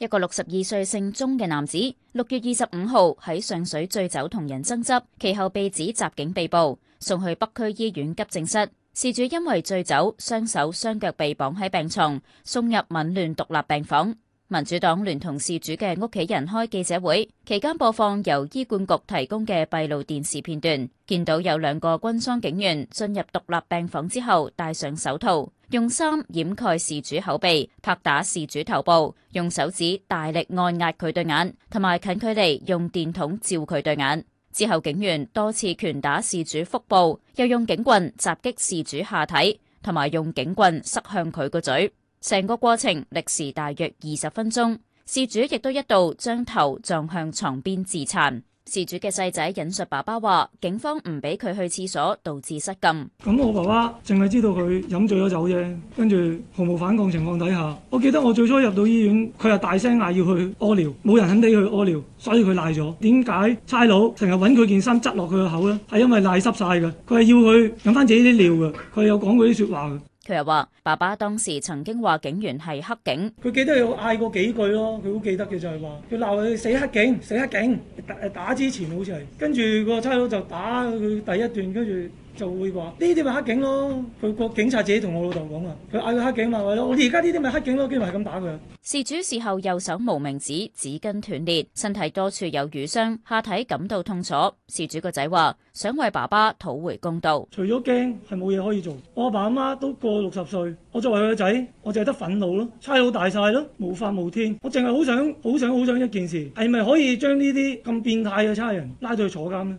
一個六十二歲姓鍾嘅男子，六月二十五號喺上水醉酒同人爭執，其後被指襲警被捕，送去北區醫院急症室。事主因為醉酒，雙手雙腳被綁喺病床，送入紊亂獨立病房。民主黨聯同事主嘅屋企人開記者會，期間播放由醫管局提供嘅閉路電視片段，見到有兩個軍裝警員進入獨立病房之後戴上手套。用衫掩蓋事主口鼻，拍打事主頭部，用手指大力按壓佢對眼，同埋近距離用電筒照佢對眼。之後警員多次拳打事主腹部，又用警棍襲擊事主下體，同埋用警棍塞向佢個嘴。成個過程歷時大約二十分鐘，事主亦都一度將頭撞向床邊自殘。事主嘅細仔引述爸爸話：警方唔俾佢去廁所，導致失禁。咁我爸爸淨係知道佢飲醉咗酒啫，跟住毫無反抗情況底下，我記得我最初入到醫院，佢又大聲嗌要去屙尿，冇人肯俾佢屙尿，所以佢賴咗。點解差佬成日搵佢件衫執落佢個口咧？係因為賴濕晒㗎，佢係要佢飲翻自己啲尿㗎，佢有講過啲說話㗎。佢又話：爸爸當時曾經話警員係黑警，佢記得有嗌過幾句咯，佢好記得嘅就係話，佢鬧佢死黑警，死黑警打打之前好似係，跟住個差佬就打佢第一段，跟住。就會話，呢啲咪黑警咯？佢個警察自己同我老豆講啊，佢嗌佢黑警咪係咯。我哋而家呢啲咪黑警咯，竟然係咁打佢。事主事後右手無名指指根斷裂，身體多處有瘀傷，下體感到痛楚。事主個仔話：想為爸爸討回公道。除咗驚係冇嘢可以做，我阿爸阿媽都過六十歲，我作為佢個仔，我就係得憤怒咯，差佬大晒咯，無法無天，我淨係好想好想好想一件事，係咪可以將呢啲咁變態嘅差人拉到去坐監呢？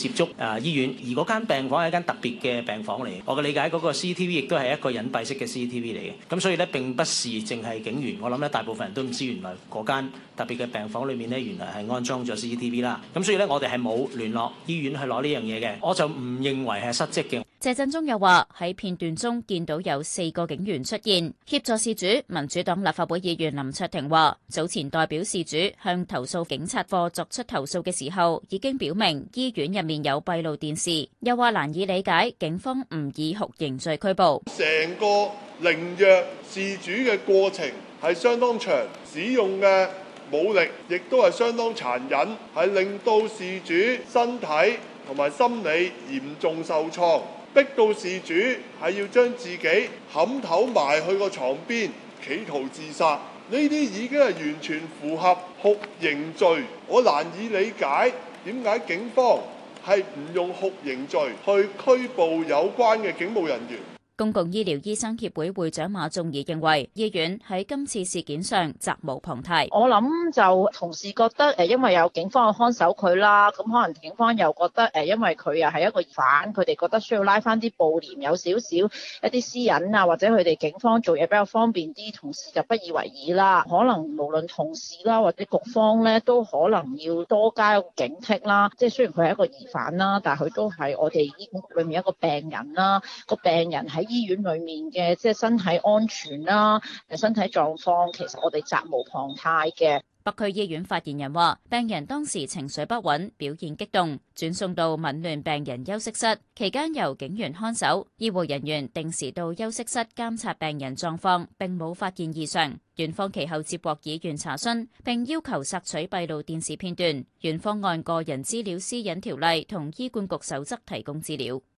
接觸啊、呃、醫院，而嗰間病房係一間特別嘅病房嚟。我嘅理解嗰個 CCTV 亦都係一個隱蔽式嘅 CCTV 嚟嘅。咁所以咧，並不是淨係警員。我諗咧，大部分人都唔知原來嗰間特別嘅病房裡面咧，原來係安裝咗 CCTV 啦。咁所以咧，我哋係冇聯絡醫院去攞呢樣嘢嘅。我就唔認為係失職嘅。謝振中又話喺片段中見到有四個警員出現協助事主。民主黨立法會議員林卓廷話：早前代表事主向投訴警察課作出投訴嘅時候，已經表明醫院入面有閉路電視。又話難以理解警方唔以酷刑罪拘捕。成個凌虐事主嘅過程係相當長，使用嘅武力亦都係相當殘忍，係令到事主身體同埋心理嚴重受創。逼到事主係要將自己冚頭埋去個床邊企圖自殺，呢啲已經係完全符合酷刑罪，我難以理解點解警方係唔用酷刑罪去拘捕有關嘅警務人員。公共醫療醫生協會會長馬仲儀認為，醫院喺今次事件上責無旁貸。我諗就同事覺得誒，因為有警方看守佢啦，咁可能警方又覺得誒，因為佢又係一個疑犯，佢哋覺得需要拉翻啲布簾，有少少一啲私隱啊，或者佢哋警方做嘢比較方便啲，同事就不以為意啦。可能無論同事啦，或者局方咧，都可能要多加一個警惕啦。即係雖然佢係一個疑犯啦，但係佢都係我哋醫管局裏面一個病人啦，個病人喺醫院裏面嘅即係身體安全啦，誒身體狀況，其實我哋責無旁貸嘅。北區醫院發言人話：病人當時情緒不穩，表現激動，轉送到紊亂病人休息室，期間由警員看守，醫護人員定時到休息室監察病人狀況，並冇發現異常。院方其後接獲議員查詢，並要求索取閉路電視片段，院方按個人資料私隱條例同醫管局守則提供資料。